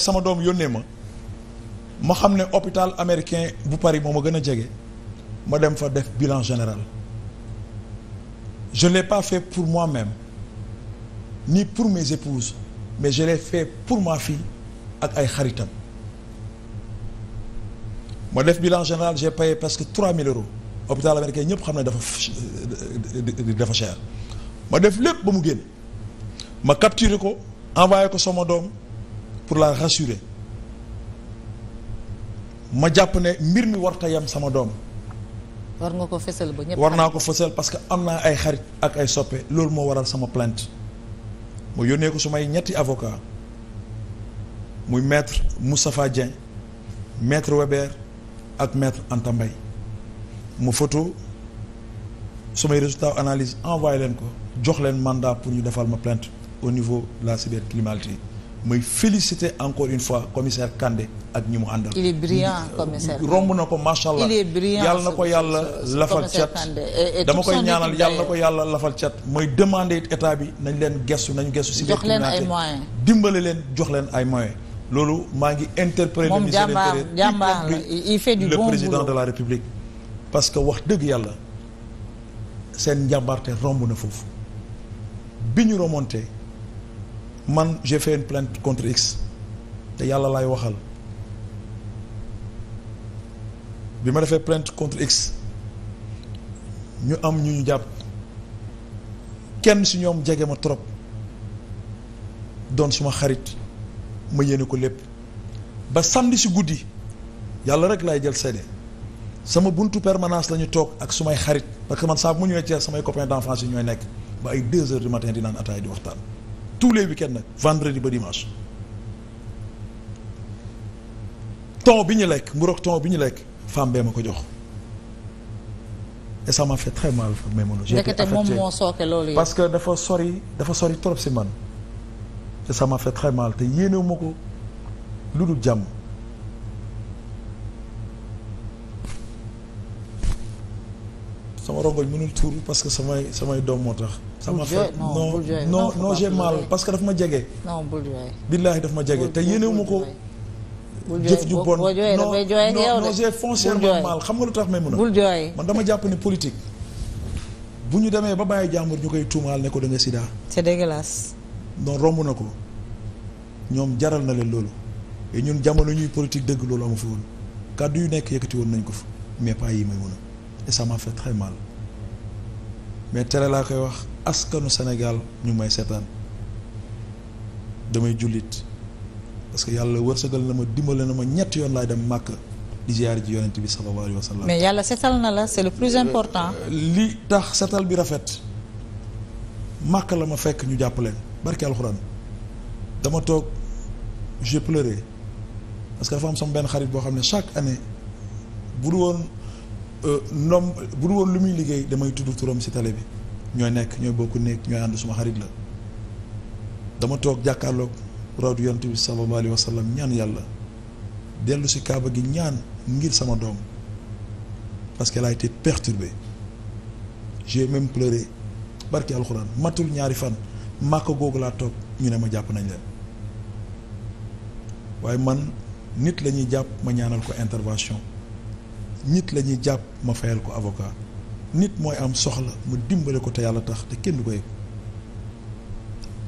sama doom yónnee ma ma xam ne hôpital américain bu Paris moo ma gën a jege ma dem fa def bilan général je ne l'ai pas fait pour moi-même ni pour mes épouses mais je l'ai fait pour ma fille ak ay xaritam ma def bilan général j'ai payé presque 3000 euros hôpital américain ñëpp xam ne dafa euh, dafa cher ma def lépp ba mu génn ma capturer ko envoyé ko sama doom pour la rassurer ma jàpp ne mbir mi warta yam sama doom war nga ko fësal ba war naa ko fësal parce que am naa ay xarit ak ay soppe loolu moo waral sama plainte ma yónnee ko su may ñetti avocat muy maître Moustapha Dieng maître Weber ak maître antambay Mbaye mu su sumay résultat analyse envoyé leen ko jox leen mandat pour ñu defal ma plainte au niveau de la cybercriminalité may féliciter encore une fois commissaire Kandé ak ñi mu àndal. il est romb na ko macha allah. il est brillant yàlla na ko yàlla lafal cat. dama koy ñaanal yàlla na ko yàlla lafal cat. mooy demander état bi nañ leen gestu nañu gestu. si jox leen ay moyens dimbale leen jox leen ay moyens. loolu maa ngi interpréter. moom jàmbaar jàmbaar il fait du bon de la république. parce que wax dëgg yàlla seen njabarte romb na foofu bi ñu remonté. man j'ai fait une contre X te yàlla laay waxal bi ma defee plainte contre X ñu am ñu ñu jàpp kenn si ñoom jege ma trop doon suma xarit ma yéene ko lépp ba samedi si guddi yàlla rek laay jël seede sama buntu permanence la ñu toog ak sumay xarit parce que man saa bu mu ñëwee Thiès samay copains d'enfance yi ñooy nekk ba ay deux heures du matin di naan ataay di waxtaan. tous les week-ends nag vendredi ba dimanche ton bi ñu lekk mburoog ton bi ñu lekk femme bee ma ko jox et ça m'a fait très mal mais man j'ai été affecté parce que dafa sori dafa sori trop si man et ça m'a fait très te yéenewu ma ko lu dul jàmm sama rongoñ mënul parce que samay samay doom moo tax. sama fa non non non j'ai mal que daf ma jege. non bul jooy. daf ma jege te yéenewu ma ko. bul jëf ju bon boo jooyee dafay jooyee non non j'ai xam nga lu tax may mën a. bul man dama jàpp ne politique. bu ñu demee ba bàyyi jàmbur ñu koy tuumaal ne ko da nga sida. c'est dégueulasse. romb na ko ñoom jaral na leen loolu. et ñun jamono ñuy politique dëgg loolu amu fi woon kàddu yu nekk yëkkati woon nañ ko fa mais pas yi may mën et ça m'a fait mal mais tere laa koy wax askanu senegal ñu may seetaan damay jullit parce que yàlla wërsëgal na ma dimbale na ma ñett yoon laay dem màkk di ziyaar ji yonent bi sallallahu alayhi mais yàlla setal na la c'est le plus important. Euh, euh, li tax setal bi rafet màkk la ma fekk ñu jàpp leen barke alxuraan dama toog j'ai pleuré parce que dafa am sama benn xarit boo xam ne chaque année bu woon. Euh, ndom bu dul woon lu muy liggéey damay tudd turam ci tale bi ñooy nekk ñooy bokk nekk ñooy ànd suma xarit la dama toog jàkkaarlook rawdu yonent bi sallallahu alayhi ñaan yàlla dellu ci kaaba gi ñaan ngir sama doom parce qu'elle a été perturbée j'ai même pleuré barki alxuraan matul ñaari fan màkk googu laa toog ñu ne ma jàpp nañ leen waaye man nit la ñuy jàpp ma ñaanal ko intervention nit la ñuy jàpp ma fayal ko avocat nit mooy am soxla mu dimbale ko te yàlla tax te kenn du koy yëg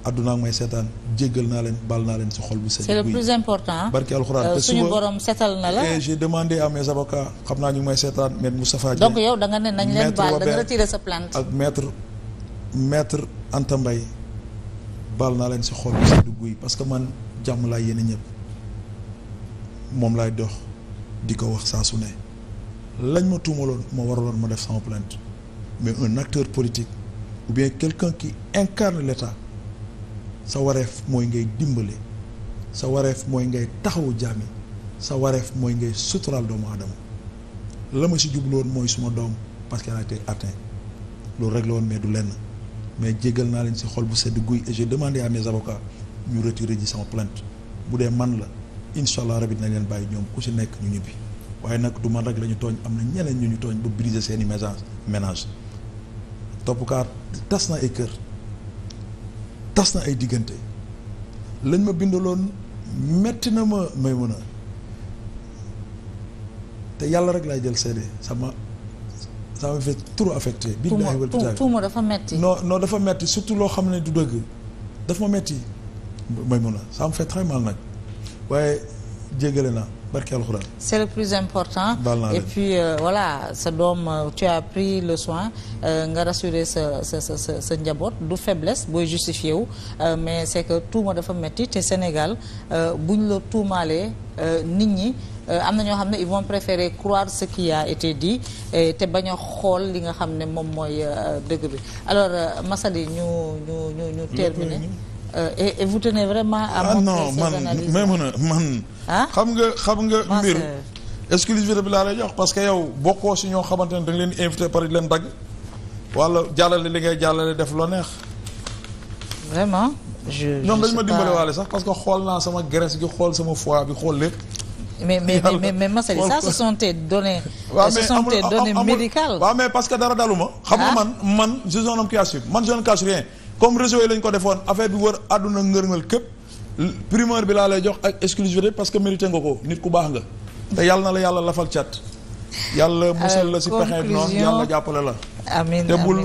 àdduna ak may seetaan jéggal naa leen bal naa leen si xol bu seen c'est le plus important barki alxuraan euh, na la eh, j'ai demandé à mes xam naa ñu ngi seetaan maître Moustapha Dieng donc yow da nga ne nañ leen baal da nga ak maître maître Anta Mbaye baal naa leen si xol bu seen guy parce que man jàmm laa yéene ñëpp moom laay dox di ko wax saa su ne lañ ma tuumaloon moo waraloon ma def sama plainte mais un acteur politique ou bien quelqu'un qui incarne l'État sa wareef mooy ngay dimbale sa wareef mooy ngay taxawu jaam sa wareef mooy ngay suturaal doomu adama la ma si jubluwoon mooy suma doom parce qu'elle a été atteinte loolu rek la woon mais du lenn mais jéggal naa leen si xool bu sedd guy et j'ai demandé à mes ñu retirer ji sama plante bu dee man la incha allah na leen bàyyi ñoom ku si nekk ñu ñibbi. waaye nag du man rek lañu ñu tooñ am na ñeneen ñu ñu tooñ ba briser seen i ménage ménage toppkaar tas na ay kër tas na ay diggante lañ ma bindaloon metti na ma may mën a te yàlla rek laay jël seede sama ça m'a fait trop affecté. billahi wal kitaabi dafa metti non non dafa metti surtout loo xam ne du dëgg dafa ma metti may mën a ça me fait très mal nag waaye jéggale na barke alxuraan c'est le plus important. et puis euh, voilà sa doom euh, tu as pris le soin euh, nga rassurer sa sa sa sa njaboot du faiblesse booy justifié wu euh, mais c'est que tuuma dafa metti te Sénégal buñ la tuumaalee nit ñi. am na ñoo xam ne ils vont préférer croire ce qui a été dit te bañ xool li nga xam ne moom mooy dëgg bi alors Massaly ñu ñu ñu terminer et vous tenez vraiment à ah montrer ces analyses ah non ah xam nga xam nga mbir exclusivité bi laa lay que yow bokkoo si ñoo xamante ne da leen invité par leen dagg wala jàllale li ngay def loo neex. vraiment. je ñoom dañu ma dimbale waale sax parce que xool naa sama graisse xool sama foie bi xool lépp. mais mais mais mais Massaly que dara dalu ma. xam nga man man je suis un homme qui rien comme réseau yi lañ ko defoon affaire bi wër àdduna ngërngal képp. primeur bi laa lay jox ak exclusivité parce que mérité nga ko nit ku baax nga te yàlla na la yàlla lafal cat yàlla euh, musal la si pexe noonu yàlla jàppale la amiin te bul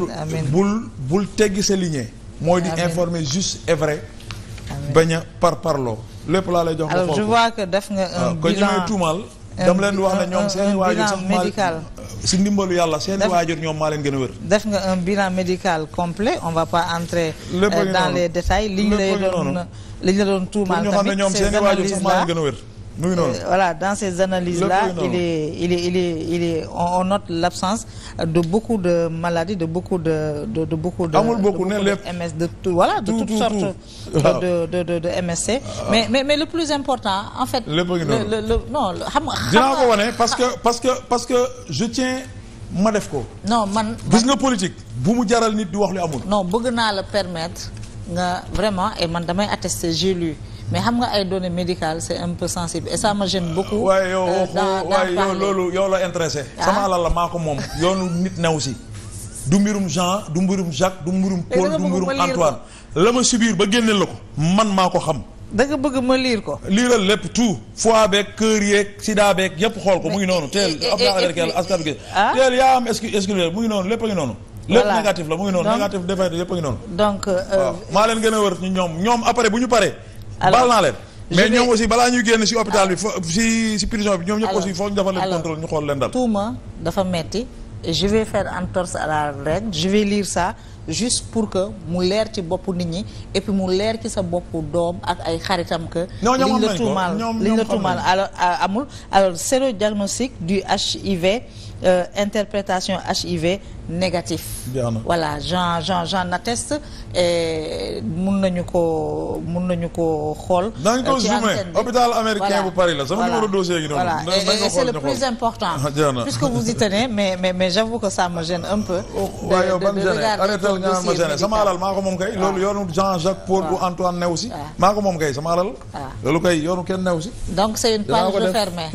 bul bul teggi sa lignée mooy di informer juste et vrai par parloo lépp laa lay jox nga foofu def nga un ah, bilan ko ñu may dama leen di wax ne ñoom seen waajur sax médical si ndimbalu yàlla seen waajur ñoom maa leen gën a wér. def nga un bilan médical complet on va pas entrer. Euh, dans les détails liñ lay doon liñ la doon tuumaal tamit. seen analyse la ñoom seen waajur sax maa leen gën a wér. Oui, euh, voilà, dans ces analyses-là, il est, il est, il est, on, note l'absence de beaucoup de maladies, de beaucoup de, de, de beaucoup de, de, beaucoup toutes sortes De, MSC. Ah. Mais, mais, mais, le plus important, en fait, le, le, le, le non, parce que, parce que, parce que je tiens ma def ko. Non, man. Gis nga politique, bu mu jaral nit di wax li amul. Non, bëgg naa la permettre. nga vraiment et man damay attester j'ai lu mais xam nga ay données médical c'est un peu sensible et ça me gêne beaucoup. waaye yow euh, loolu yow la intéressé. Ah. sama alal la maa ko moom yoonu nit new si. du mbirum Jean du mbirum Jacques du mbirum Paul du mbirum Antoine. la ma subir ba génneel la ko man maa ko xam. da nga bëgg ma liir ko. liiral lépp tout. foie beek kër yeeg sida beeg yëpp xool ko mu ngi noonu. teel ab naa affaire askan bi ah? teel yaa am excuse mu ngi noonu lépp noonu. lépp négatif la mu ngi noonu négatif défaite yëpp a ngi noonu. donc euh, maa leen gën a wër ñu ñoom ñoom après bu ñu paree. baal naa leen. mais ñoom aussi balaa ñuy génn ci hôpital bi fo ci ci prison bi ñoom ñëpp aussi foog ñu defal leen contrôle ñu xool dafa metti je vais faire entorse à la reine je vais lire ça juste pour que mu leer ci bopp nit ñi et mu leer ci sa boppu doom ak ay xaritam que. liñ ñoom tuumaal liñ la tuumaal alors amul alors sérodiagnostic du HIV euh, interprétation HIV. négatif voilà j'en j'en j'en eh, mun nañu ko mun nañu ko xool dañ ko zoomé hôpital américain bu Paris la sama numéro dossier gi voilà et c'est le plus important ah, puisque vous y tenez mais mais mais j'avoue que ça me gêne un peu oh, waaye yow ba mu gêné ma gêné sama alal maa ko moom kay loolu ah. yoonu Jean-Jacques Paul bu ah. Antoine new si ko moom kay sama alal loolu kay yoonu kenn new donc c'est une page refermée